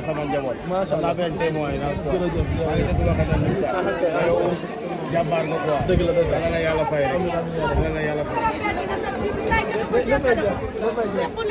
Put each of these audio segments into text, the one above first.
sama njaboot sama benn témoin na jàmbaar nga quoi dëgg la dëgg la yàlla fay rek la yàlla fay lépp lépp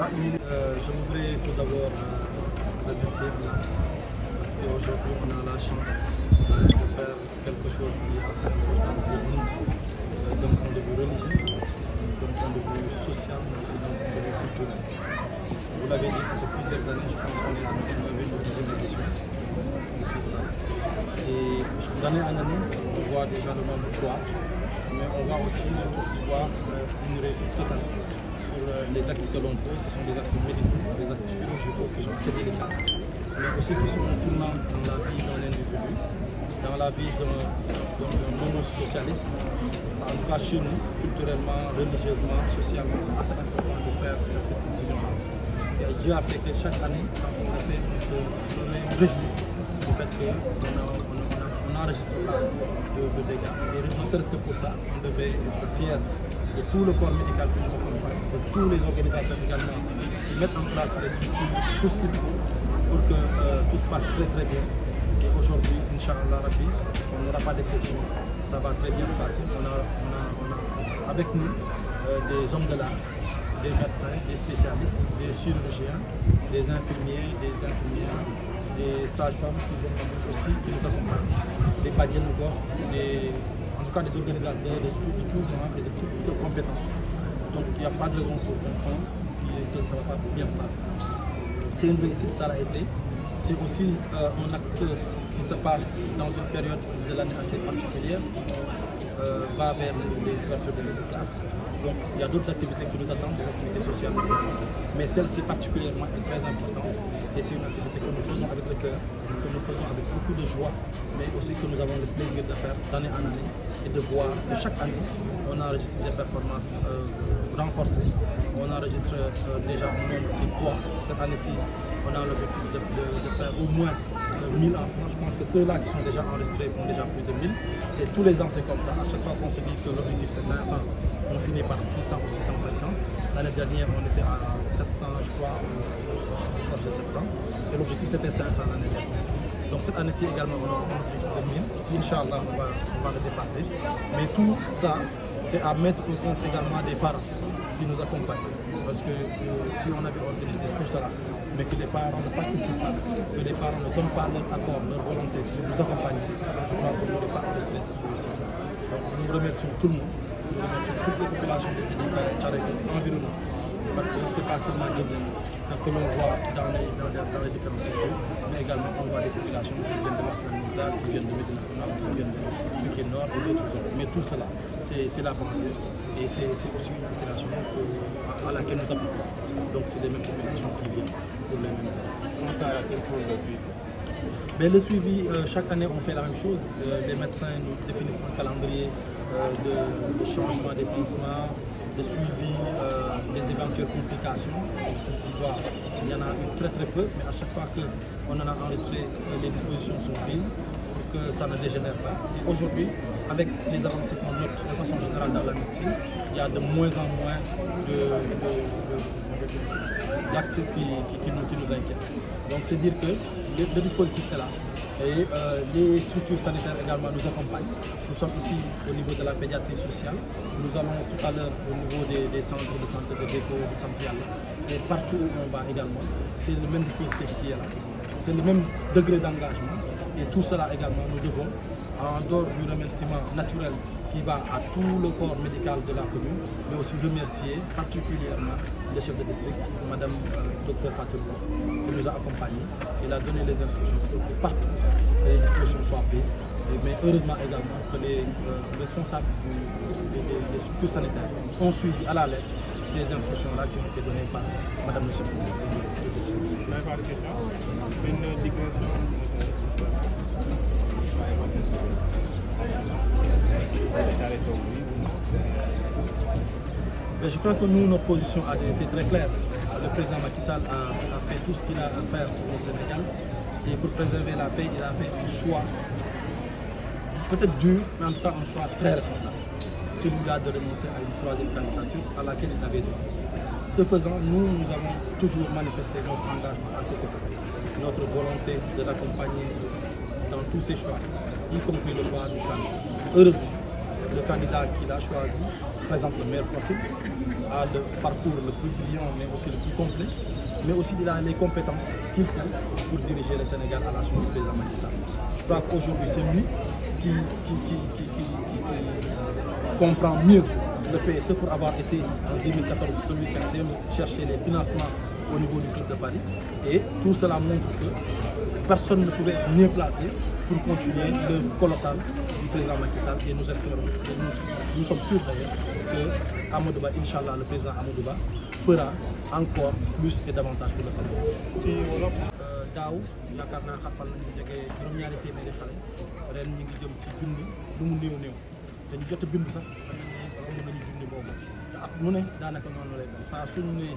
Euh, je voudrais tout d'abord euh, remercier parce qu'aujourd'hui on a la chance de faire quelque chose qui est assez important pour nous euh, d'un point de vue religieux, d'un point de vue social, mais aussi d'un point de vue culturel. Vous l'avez dit, ça fait plusieurs années, je pense qu'on est dans une ville de deuxième édition sur ça. Et d'année en année, on voit déjà le nombre de mais on voit aussi, je trouve, voir une réussite totale. Euh, les actes que l'on peut, ce sont des actes médicaux, des actes chirurgicaux qui sont assez délicats, mais aussi qui sont tournants dans la vie d'un l'individu, dans la vie d'un monde socialiste. En tout cas, chez nous, culturellement, religieusement, socialement, c'est assez important de faire cette décision-là. Dieu a fait que chaque année, quand on a fait, se, on réjouit enregistrement de, de dégâts. Et ne ce que pour ça, on devait être fier de tout le corps médical qui nous accompagne, de tous les organisateurs également, qui mettent en place les structures, tout ce qu'il faut pour que euh, tout se passe très très bien. Et aujourd'hui, Inch'Allah Rabbi, on n'aura pas d'exception. Ça va très bien se passer. On a, avec nous euh, des hommes de l'art, des médecins, des spécialistes, des chirurgiens, des infirmiers, des infirmières, les sages-femmes qui nous aussi, qui nous accompagnent, les padiens de en tout cas des organisateurs, les tout genre, et de compétences. Donc il n'y a pas de raison pour qu'on pense que ça ne va pas bien se passer. C'est une réussite, ça l'a été. C'est aussi euh, un acteur qui se passe dans une période de l'année assez particulière, euh, va vers les acteurs de classe. Donc il y a d'autres activités qui nous attendent, des activités sociales. Mais celle-ci particulièrement est très importante et c'est une activité que nous faisons avec le cœur, que nous faisons avec beaucoup de joie, mais aussi que nous avons le plaisir de faire d'année en année et de voir que chaque année, on enregistre des performances euh, renforcées. On enregistre euh, déjà un nombre de poids. Cette année-ci, on a l'objectif de faire au moins 1000 Je pense que ceux-là qui sont déjà enregistrés font déjà plus de 1000. Et tous les ans, c'est comme ça. À chaque fois qu'on se dit que l'objectif c'est 500, on finit par 600 ou 650. L'année dernière, on était à 700, je crois, proche de 700. Et l'objectif c'était 500 l'année dernière. Donc cette année-ci également, on a un objectif de 1000. Inch'Allah, on va, on va le dépasser. Mais tout ça, c'est à mettre au compte également des parents qui nous accompagnent parce que euh, si on avait organisé pour cela, mais que les parents ne participent pas, que les parents ne donnent pas leur accord, leur volonté de nous accompagner, je crois ne n'aurait pas de cette solution. Donc nous remercions tout le monde, nous remercions toute la population de environnement, parce que c'est pas seulement gens que l'on voit dans les, dans, différents secteurs, mais également on voit les populations qui viennent de la qui viennent de Médina, qui viennent de mais tout cela, c'est la banlieue. Et c'est aussi une opération à laquelle nous appliquons. Donc c'est les mêmes populations qui pour les mêmes Quant le suivi mais ben, le suivi, euh, chaque année, on fait la même chose. Euh, les médecins nous définissent un calendrier euh, de, changement des pincements, de suivi des éventuelles complications. il y en a eu très très peu, mais à chaque fois qu'on en a enregistré, les dispositions sont prises que ça ne dégénère pas. Aujourd'hui, avec les avancées qu'on note de façon générale dans la médecine, il y a de moins en moins d'actes qui, nous inquiètent. Donc c'est dire que le, dispositifs dispositif est là. Et euh, les structures sanitaires également nous accompagnent. Nous sommes ici au niveau de la pédiatrie sociale. Nous allons tout à l'heure au niveau des, centres de santé de dépôts, de santé Et partout où on va également, c'est le même dispositif qui est là. C'est le même degré d'engagement et tout cela également, nous devons, en dehors du remerciement naturel qui va à tout le corps médical de la commune, mais aussi remercier particulièrement le chef de district, Madame euh, Docteur Dr qui nous a accompagnés. Il a donné les instructions pour que partout les dispositions soient prises. Mais heureusement également que les euh, responsables des, structures sanitaires ont suivi à la lettre ces instructions-là qui ont été données par Mme le chef de district. Mais je crois que nous, nos position a été très claire. Le président Macky Sall a, fait tout ce qu'il a à faire au Sénégal. Et pour préserver la paix, il a fait un choix peut-être dur, mais en tout temps un choix très responsable. Celui-là de renoncer à une troisième candidature à laquelle il avait droit. Ce faisant, nous, nous avons toujours manifesté notre engagement à ses côtés, notre volonté de l'accompagner dans tous ses choix, y compris le choix du candidat. Heureusement, le candidat qu'il a choisi présente le meilleur profil, a le parcours le plus brillant, mais aussi le plus complet, mais aussi il a les compétences qu'il faut pour diriger le Sénégal à la suite du président Macky Je crois qu'aujourd'hui, c'est lui qui, comprend mieux le PSE pour avoir été en 2014 celui qui a cherché les financements au niveau du club de Paris. Et tout cela montre que personne ne pouvait être mieux placé pour continuer le colossal du président Macky Sall et nous espérons, et nous, sommes sûrs d'ailleurs, que Amadouba, Inch'Allah, le président Amadouba, fera encore plus et davantage pour le Sénégal. Euh, daaw yaakaar naa xarfal nañu jege juróom-ñaari téeméeri xale ren ñu ngi jëm ci junni lu mu néew néew dañu jot a bind sax xam nañ ne romb nañu junni boobu te ak mu ne daanaka noonu lay mel saa suñu nee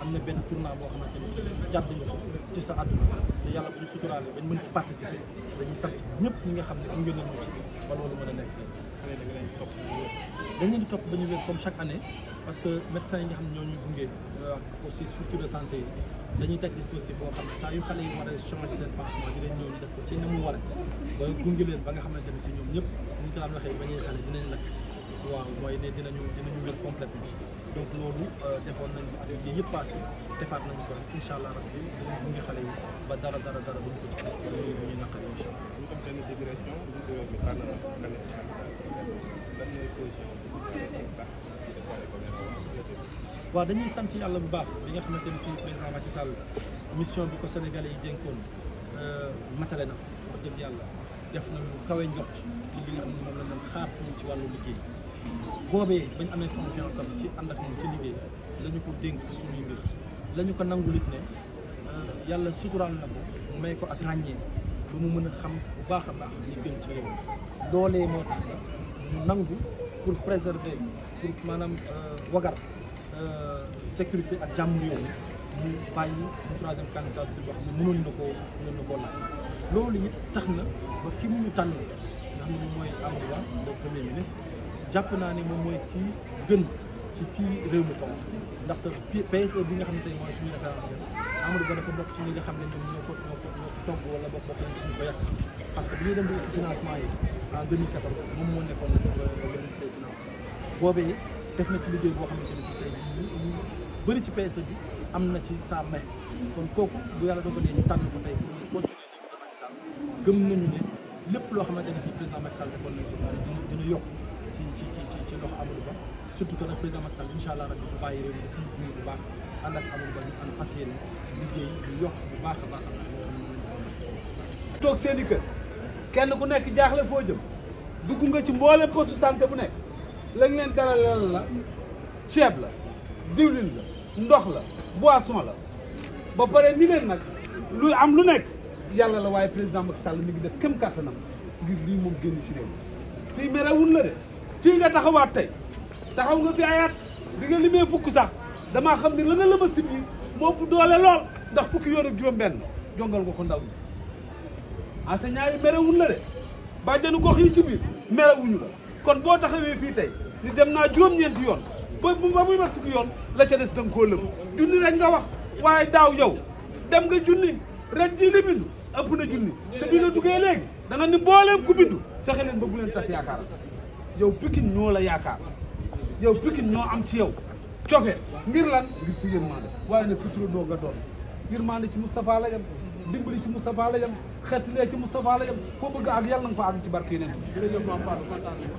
am na benn tournant boo xamante ne si jàdd nga ko ci sa àdduna te yàlla bu ñu suturaale bañ mën ci dañuy sant ñëpp ñu nga xam ne am yónnee ñu ci ba loolu mën a nekk tey leen ñu wér comme chaque année parce que médecins yi nga xam ne ñoo ñu gunge euh, aussi structure de santé yi dañuy teg dispositif boo xam ne saa yu xale yi war a changer seen pansement di leen ñëw ñu def ko ci na mu waree gunge leen ba nga xamante ne si ñoom ñëpp ñu ko daan waxee ba ñuy xale dinañ lakk waaw mooy ne dinañu dinañu wér complètement donc loolu euh, defoon nañu at yii yëpp passé defaat nañu ko rek incha allah bi dinañ gunge xale yi ba dara dara dara bu ñu ko ci gis yooyu ñuy bi ñu koy baax di def wàllu waaw dañuy sant yàlla bu baax bi nga xamante ni si président Macky mission bi ko Sénégalais yi dénkoon euh, matale na wax dëgg yàlla def nañu kawe njort ci li nga xam ne moom la ñu xaar ci wàllu liggéey. boobee bañ amee confiance am ci ànd ak moom ci liggéey la ko dénk suñuy mbir la ko nangul it ne euh, yàlla suturaal na ko may ko ak ràññee ba mu mën a xam bu baax a baax li gën ci réew loolee moo tax mu nangu pour préserver pour maanaam euh, wagar euh, sécurité ak jàmm réew mu bàyyi mu troisième candidature boo xam ne mënoon na koo mënoon na koo laaj loolu it tax na ba ki mu ñu tànn nga xam ne mooy Amadou Ba le premier ministre jàpp naa ne moom mooy kii gën ci fii réew mi toll ndaxte PSE bi nga xam ne mooy suñu référentiel Amadou Ba dafa bokk ci ñi nga xam ne ñoom ñoo ko ko togg wala bokk bokk nañ ci ko parce que bi ñuy dem di financement yi moom moo nekkoon euh, ministre des boobee def na ci liggéey boo xamante ne si tey ñu ñu bëri ci PSE bi am na ci sa may kon kooku bu yàlla dogalee ñu tànn ko tey pour ñu continuer liggéey ñu Sall ne lépp loo xam ne si président Macky Sall defoon nañ ko dina yokk ci ci ci ci loxo Amadou Ba surtout que nag président Macky Sall incha allah rabi bu bàyyi réew mi daf bu baax ànd ak Ba ñu am fas yéene liggéey ñu yokk bu baax baax toog seen i kenn ku nekk jaaxle foo jëm dugg nga ci mboolem poste santé bu nekk lañ leen la ceeb la diwlin la ndox la boisson la ba pare leen nag am lu nekk yàlla la waaye président Macky Sall mi ngi def kem kàttanam ngir lii moom génn ci réew fii merewul la de fii nga taxawaat tey taxaw nga fi ayaat bi nga limee fukk sax damaa xam ne la nga si biir moo ëpp doole lool ndax fukki yoon ak juróom-benn jongal nga ko ndaw ñi enseignant yi merewuñ la de bàjjanu gox yi ci biir merewuñu la kon boo taxawee fii tey ni dem naa juróom-ñeenti yoon ba ba muy mat fukki yoon la ca des danga koo lëm junni rek nga wax waaye daaw yow dem nga junni ren ji li bindu na junni te bi nga duggee léegi da nga ni mbooleem ku bindu fexe leen ba bu leen tas yaakaar yow Pikine ñoo la yaakaar yow Pikine ñoo am ci yow cofe ngir lan ngir si yërmande waaye na sutura doo nga doon yërmande ci Moustapha la yem dimbali ci Moustapha la yem xeetilee ci Moustapha la yem koo bëgg ak yàlla nga fa àgg ci barke yi